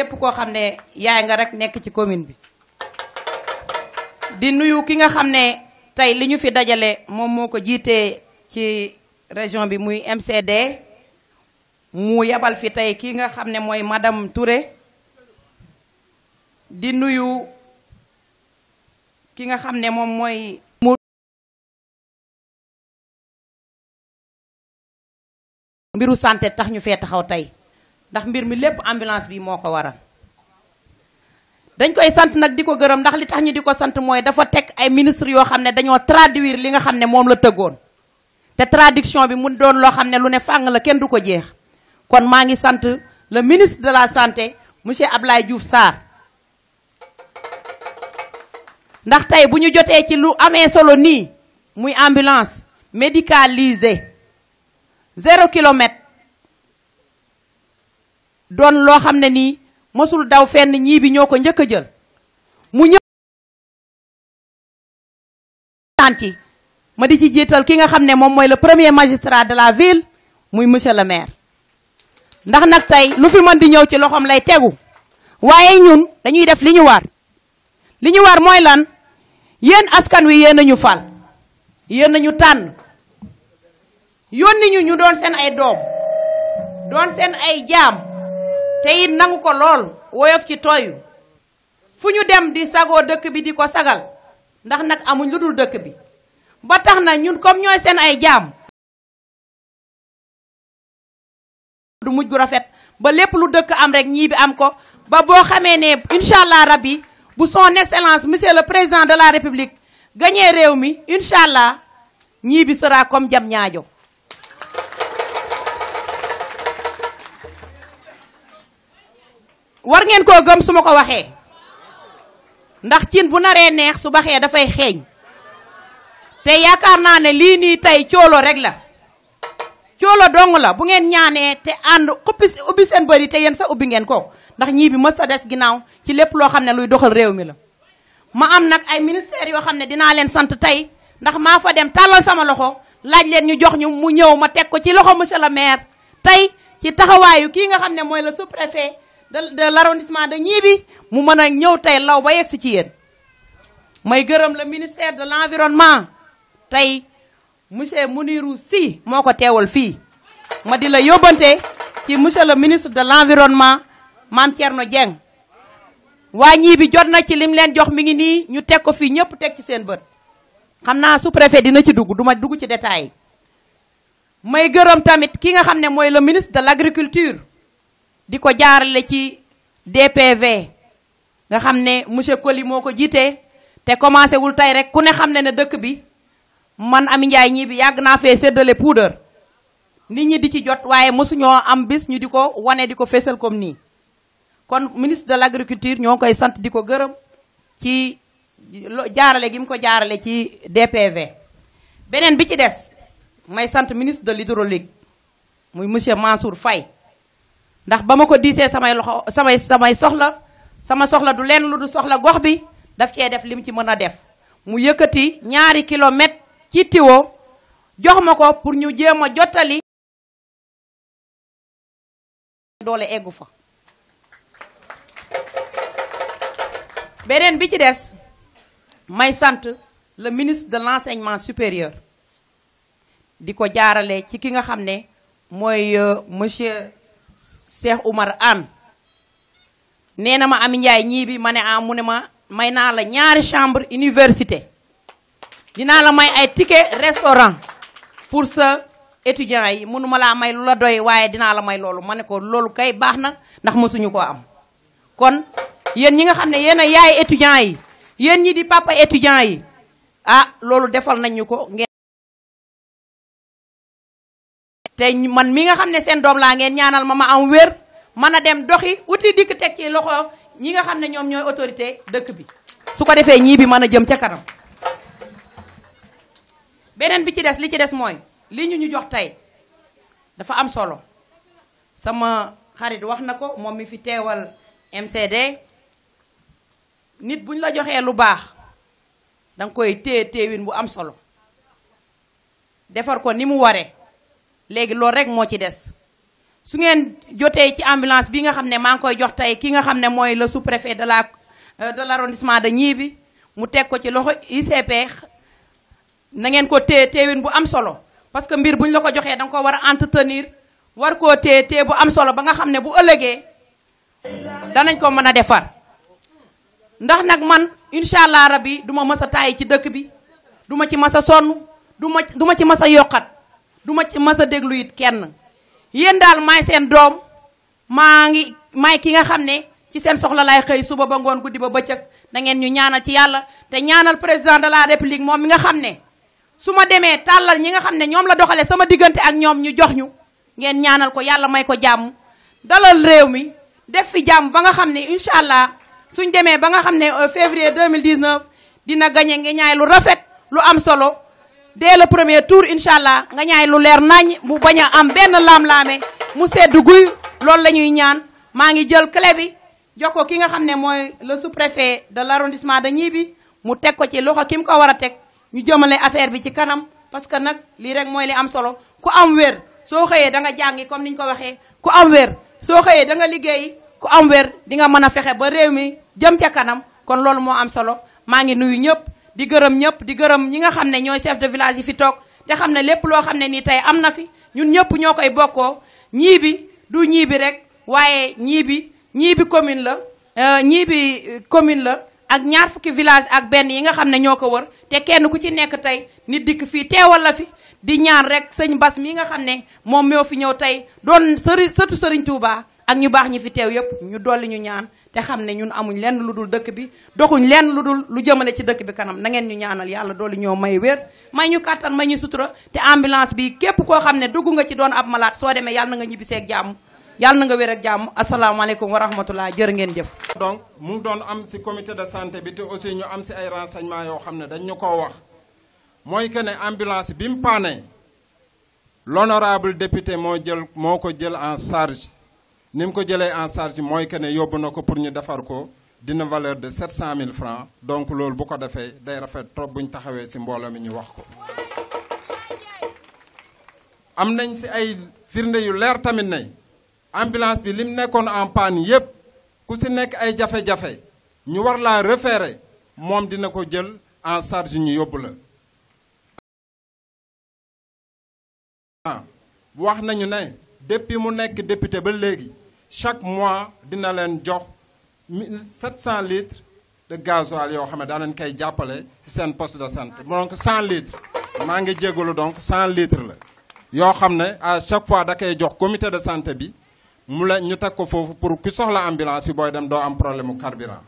képp koo xam ne yaay nga rek nekk ci commune bi di nuyu ki nga xam ne tey li ñu fi dajale moom moo ko jiitee ci région bi muy MCD mu yabal fi tey ki nga xam ne mooy madame Touré di nuyu ki nga xam ne moom mooy mbiru santé tax ñu fee taxaw tey ndax mbir mi lépp ambulance bi moo ko waral dañ koy sant nag di ko gërëm ndax li tax ñu di ko sant mooy dafa tekk ay ministre yoo xam ne dañoo traduire li nga xam ne moom la tëggoon te traduction bi mu doon loo xam ne lu ne fàng la kenn du ko jeex kon maa ngi sant le ministre de la santé monsieur Ablaye Diouf saar ndax tey bu ñu jotee ci lu amee solo nii muy ambulance médicalisée zéro kilomètre doon loo xam ne nii mësul daw fenn ñii bi ñoo ko njëkk a jël mu ñëw ma di ci jiital ki nga xam ne moom mooy la premier magistrat de la ville muy monsieur le maire ndax nag tey lu fi mën di ñëw ci loxoom lay tegu waaye ñun dañuy def li ñu war li ñu war mooy lan yéen askan wi yéen ñu fal yéen nañu tànn yónni ñu ñu doon seen ay doom doon seen ay jaam te it nangu ko lool woyof ci tooyu fu ñu dem di sagoo dëkk bi di ko sagal ndax nag amuñ lu dul dëkk bi ba tax na ñun comme ñooy seen ay jaam du mujj gu rafet ba lépp lu dëkk am rek ñii bi am ko ba boo xamee ne incha allah rab yi bu son excellence monsieur le président de la république gagné réew mi incha allah ñii bi sera comme jam ñaajo war ngeen koo gëm su ma ko waxee ndax cin bu naree neex su baxee dafay xeeñ te yaakaar naa ne lii nii tey coolo rek la coolo dong la bu ngeen ñaanee te ànd xuppi ubbi seen bëri te yéen sa ubbi ngeen ko ndax ñii bi mës sa des ginnaaw ci lépp loo xam ne luy doxal réew mi la ma am nag ay ministère yoo xam ne dinaa leen sant tey ndax maa fa dem tàllal sama loxo laaj leen ñu jox ñu mu ñëw ma teg ko ci loxo monsieur le maire tey ci taxawaayu kii nga xam ne mooy le sous de de l'arrondissement de Gniby mu mën a ñëw tey law ba si ci yéen may gërëm le ministère de l'environnement tey monsieur Mounirou Sy moo ko teewal fii ma di la yóbbante ci monsieur le ministre de l'environnement Mame Thierno Dieng waa Gniby jot na ci lim leen jox mi ngi nii ñu teg ko fii ñëpp teg ci seen bët xam naa sous-préfet dina ci dugg duma dugg ci détails yi may gërëm tamit ki nga xam ne mooy le ministre de l'agriculture di ko jaarale ci DPV nga xam ne monsieur Coly moo ko jiitee te commencé wul tey rek ku ne xam ne ne dëkk bi man Amy Ndiaye ñii bi yàgg naa fee séddale puudar nit ñi di ci jot waaye mosuñoo am bis ñu di ko wane di ko feesal comme nii kon ministre de l'agriculture ñoo ngi koy sant di ko gërëm ci jaarale gi mu ko jaarale ci DPV beneen bi ci des may sant ministre de l'hydraulique muy monsieur Mansour fay ndax ba ma ko diisee samay loxo samay samay soxla sama soxla du leen lu du soxla gox bi daf cee def li mu ci mën a def mu yëkkati ñaari kilomètre ci tiwo jox ma ko pour ñu jéem a jottali doole eggu fa beneen bi ci des may sant le ministre de l'enseignement supérieur di ko jaarale ci ki nga xam ne mooy euh, monsieur Cheikh Oumar Anne nee na ma am Ndiaye ñii bi ma ne ah mu ne ma may naa la ñaari chambre université dinaa la may ay ticket restaurant pour sa étudiants yi mënuma laa may lu la doy waaye dinaa la may loolu ma ne ko loolu kay baax na ndax mësuñu ko am kon yéen ñi nga xam ne yéen a yaay étudiants yi yéen ñi di papa étudiants yi ah loolu defal nañ ko ngeen te man mi nga xam ne seen doom laa ngeen ñaanal ma ma am wér mën a dem doxi uti dikk teg ci loxo ñi nga xam ne ñoom ñooy autorité dëkk bi su ko defee ñii bi mën a jëm ca kanam beneen bi ci des li ci des mooy lii ñu ñu jox tey dafa am solo sama xarit wax na ko moom mi fi teewal MCD nit buñ la joxee lu baax danga koy téye téewin bu am solo defar ko ni mu waree léegi loolu rek moo ci des su ngeen jotee ci ambulance bi nga xam ne maa ngi koy jox tey ki nga xam ne mooy la sous-préfet de la euh, de l'arrondissement de Gniby mu teg ko ci loxo ICP na ngeen ko téye téewin bu am solo parce que mbir bu ñu la ko joxee danga ko war a entretenir war koo téye téye bu am solo ba nga xam ne bu ëllëgee danañ ko mën a defar ndax nag man incha allah rabi du ma mës a tàyyi ci dëkk bi du ma ci mës a sonn du ma ma ci mës a yokkat du ma ci mës a déglu it kenn yéen daal maay seen doom maa ngi maay ki nga xam ne ci seen soxla lay xëy suba ba ngoon guddi ba bëccëg dangeen ñu ñaanal ci yàlla te ñaanal président de la république moom mi nga xam ne su ma demee tàllal ñi nga xam ne ñoom la doxalee sama diggante ak ñoom ñu jox ñu ngeen ñaanal ko yàlla may ko jàmm dalal réew mi def fi jàmm ba nga xam ne incha allah suñ demee ba nga xam ne euh, février 2019 dina gañe nga ñaay lu rafet lu am solo dès le premier tour incha allah nga ñaay lu leer nañ mu bañ a am benn laam-laame mu sedd guy loolu la ñuy ñaan maa ngi jël clé bi jox ko ki nga xam ne mooy le sous-préfet de l'arrondissement de Gniby mu teg ko ci loxo ki mu ko war a teg ñu jëmale affaire bi ci kanam parce que nag lii rek mooy li am solo ku am wér soo xëyee da nga jàngi comme ni ñu ko waxee ku am wér soo xëyee danga nga liggéey ku am wér di nga mën a fexe ba réew mi jëm ca kanam kon loolu moo am solo maa ngi nuyu ñëpp. di gërëm ñëpp di gërëm ñi nga xam ne ñooy chef de village yi fi toog te xam ne lépp loo xam ne nii tey am na fi ñun ñëpp ñoo koy bokkoo ñii bi du ñii bi rek waaye ñii bi ñii bi commune la euh, ñii bi euh, commune la ak ñaar fukki village ak benn yi nga xam ne ñoo ko wër te kenn ku ci nekk tey nit dikk fii teewal la fi di ñaan rek sëñ Bas mi nga xam ne moom moo fi ñëw tey doon sëri sëtu sëriñ Touba ak ñu baax ñi fi teew yëpp ñu dolli ñu ñaan te xam ne ñun amuñ lenn lu dul dëkk bi doxuñ lenn lu dul lu jëmale ci dëkk bi kanam na ngeen ñu ñaanal yàlla doolu ñoo may wér may ñu kàttan may ñu sutura te ambulance bi képp koo xam ne dugg nga ci doon ab malaat soo demee yàlla na nga ñibbiseeg jàmm yàlla na nga wér ak jàmm asalaamaaleykum wa rahmatullah jër ngeen jëf donc mu doon am si commité de santé bi te aussi ñu am si ay renseignement yoo xam ne dañ ñu koo wax mooy que ne ambulance bi mu paane l'honorable député moo jël moo ko jël en charge nim ko jëlee en charge mooy que ne yóbbu na ko pour ñu defar ko dina valeur de 700 000 francs donc loolu bu ko defee day rafet trop bu taxawee ci mbooloo mi ñu wax ko. am nañ ci ay firnde yu leer tamit ne ambulance bi lim nekkoon en panne yépp ku ci nekk ay jafe-jafe ñu war laa référer moom dina ko jël en charge ñu yóbbu la. wax nañu ne depuis mu nekk député ba léegi chaque mois dina leen jox cent litres de gasoil yoo xam ne daa leen koy jàppale ci seen poste de santé donc cent litres maa ngi jégalu donc cent litres la yoo xam ne à chaque fois da koy jox comité de santé bi mu la ñu teg ko foofu pour ku soxla ambulance yi booy dem doo am problème mu carburant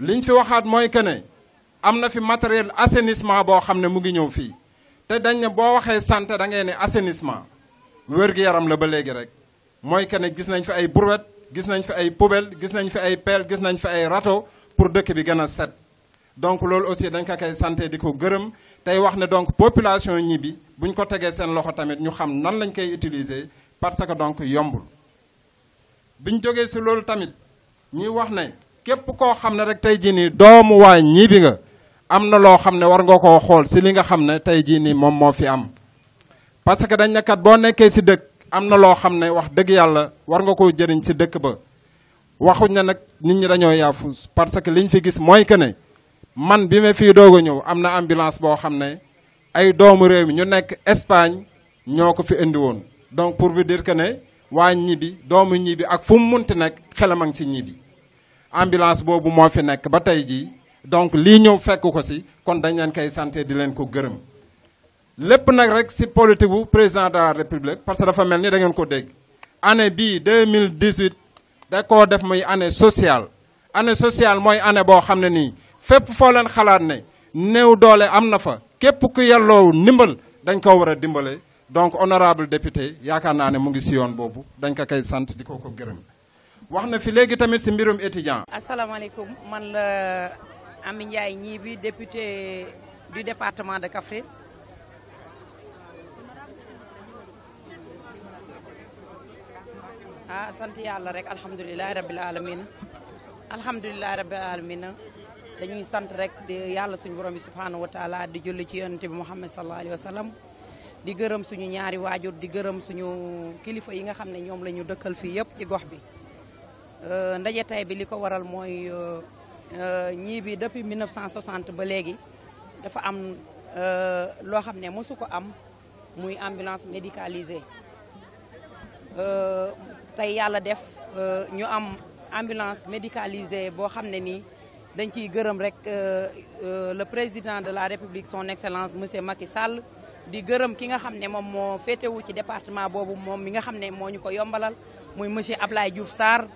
liñ fi waxaat mooy que ne am na fi matériel assainissement boo xam ne mu ngi ñëw fii te dañ ne boo waxee santé da ngay ne assainissement wér-gu-yaram la ba léegi rek mooy que ne gis nañ fi ay brouette gis nañ fi ay poubelle gis nañ fi ay pelle gis nañ fi ay râteau pour dëkk bi gën a set donc loolu aussi dañ ko koy santé di ko gërëm tey wax ne donc population ñi bi bu ko tegee seen loxo tamit ñu xam nan lañ koy utiliser parce que donc yombul bi jógee si loolu tamit ñuy wax ne képp koo xam ne rek tey jii nii doomu waa ñii bi nga am na loo xam ne war nga koo xool si li nga xam ne tey jii nii moom moo fi am parce que dañ ne boo nekkee si dëkk am na loo xam ne wax dëgg yàlla war nga koo jëriñ si dëkk ba waxuñ na nag nit ñi dañoo yaafus parce que li ñu fi gis mooy que ne man bi ma fii doog a ñëw am na ambulance boo xam ne ay doomu réew mi ñu nekk Espagne ñoo ko fi indiwoon donc pour vous dire que ne waa ñibi doomu ñibi ak fu mu munti nekk xelam a ngi si ñibi boobu moo fi nekk ba tey jii donc lii ñëw fekk ko si kon dañ leen koy santé di leen ko gërëm lépp nag rek si politique bu président de la république parce que dafa mel ni da ngeen ko dégg année bii 2018 da koo def muy année sociale année sociale mooy année boo xam ne nii fépp foo leen xalaat ne néew doole am na fa képp ku yelloo ndimbal dañ ko war a dimbale donc honorable député yaakaar naa ne mu ngi si yoon boobu dañ ko koy sant di ko ko gërëm wax na fi léegi tamit si mbirum étudiant asalaamaaleykum man la Amy Ndiaye Gniby député du département de Kaffrine ah sant yàlla rek alhamdulilahi rabil alamin alhamdulilahi rabil alamin dañuy sant rek di yàlla suñu borom bi subhanahu wa taala di julli ci yonente bi muhammad sallallahu alayhi wa sallam di gërëm suñu ñaari waajur di gërëm suñu kilifa yi nga xam ne ñoom la ñu dëkkal fii yëpp ci gox bi euh, ndaje tey bi li ko waral mooy euh, ñii bi depuis 1960 ba léegi dafa am euh, loo xam ne mosuko am muy ambulance médicalisée tey yàlla def euh, ñu am ambulance médicalisée boo xam ne nii dañ ciy gërëm rek euh, euh, le président de la république son excellence monsieur Macky Sall di gërëm ki nga xam ne moom moo féetewu ci département boobu moom mi nga xam ne moo ñu ko yombalal mooy monsieur Ablaye Diouf saar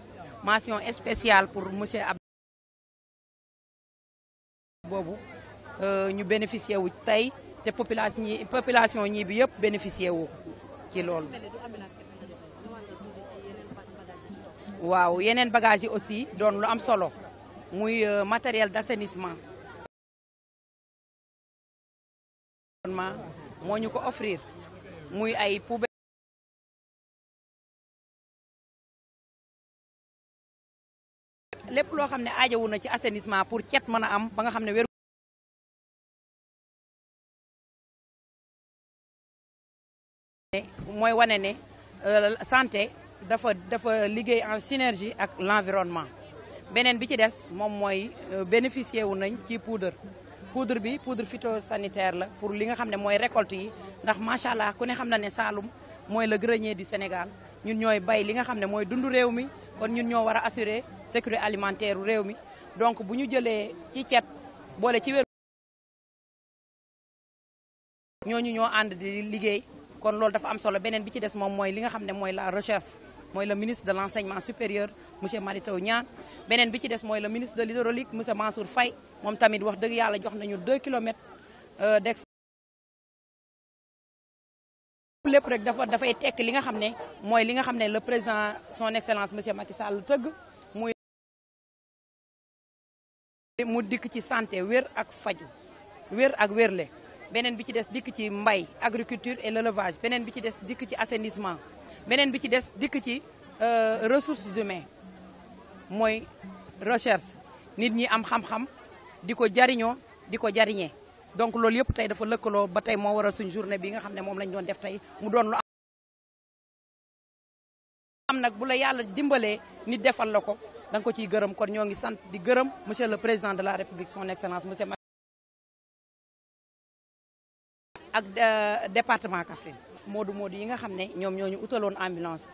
mention spéciale pour monsieur ab boobu ñu bénéficié wu tey te population ñi population ñi yëpp bénéficié wu ci loolu waaw yeneen bagage aussi doon lu am solo muy euh, matériel d'assainissement moo ñu ko offrir muy ay poubelle lépp loo xam ne aajowu na ci assenissement pour cet mën a am banga xam ne wér mooy wane ne euh, santé dafa dafa liggéey en synergie ak l'environnement beneen bi ci des moom mooy euh, bénéficier wu nañ ci poudre poudre bi poudre phytosanitaire la pour li nga xam ne mooy récolte yi ndax macha allah ku ne xam na ne saalum mooy le grenier du Sénégal ñun ñooy bay li nga xam ne mooy dund réew mi kon ñun ñoo war a assurer sécurité alimentaire réew mi donc bu ñu jëlee ci ceeb boole ci wér ñooñu ñoo liggéey kon loolu dafa solo beneen ci des moom mooy li nga xam ne mooy la recherche mooy la ministre de l' enseignement supérieur monsieur Mary Teuw Niane beneen bi ci des mooy le ministre de l'hydraulique monsieur Mansour Faye moom tamit wax dëgg yàlla jox nañu 2 kilomètres euh, d' lépp rek dafa dafay tekk li nga xam ne mooy li nga xam ne le président son excellence monsieur Macky Sall tëgg muy mu dikk ci santé wér ak faju wér ak wérle beneen bi ci des dikk ci mbay agriculture et l'élevage beneen bi ci des dikk ci assainissement beneen bi ci des dikk ci euh, ressources humaines mooy recherche nit ñi am xamxam di ko jariñoo di ko jariñee donc loolu yëpp tey dafa lëkkaloo ba tey moo waral suñ journée bi nga xam ne moom lañ doon def tey mu doon lu am nag bu la yàlla dimbalee nit defal la ko da ko ciy gërëm kon ñoo ngi sant di gërëm monsieur le président de la république son excellence monsieur ak euh, département Kaffrine moodu moodu yi nga xam ne ñoom ñoo ñu utaloon ambulance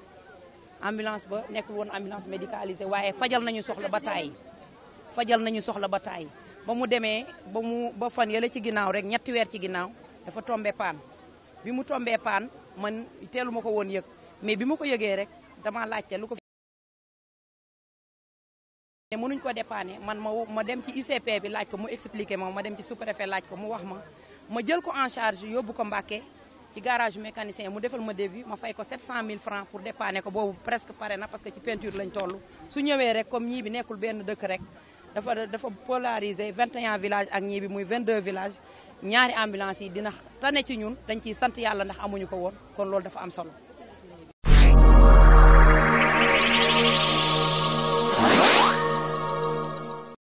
ambulance ba nekkul woon ambulance médicalisée waaye fajal nañu soxla ba tàyyi fajal nañu soxla ba taay ba mu demee ba mu ba fan yële ci ginnaaw rek ñetti weer ci ginnaaw dafa tombe paan bi mu tombee paan man teelu ma ko woon yëg mais bi ma ko yëgee rek dama laajte lu ko ne mënuñ ko dépanner man ma ma dem ci ICP bi laaj ko mu expliqué ma ma dem ci sous-préfet laaj ko mu wax ma ma jël ko en charge yóbbu ko ci garage mécanicien mu defal ma devis ma fay ko 700000 francs pour dépanner ko boobu presque pare na parce que ci peinture lañ toll su ñëwee rek comme ñii bi nekkul benn dëkk rek dafa dafa polariser 21 village ak ñii bi muy 22 villages ñaari ambulance yi dina tane ci ñun dañ ciy sant yàlla ndax amuñu ko woon kon loolu dafa am solo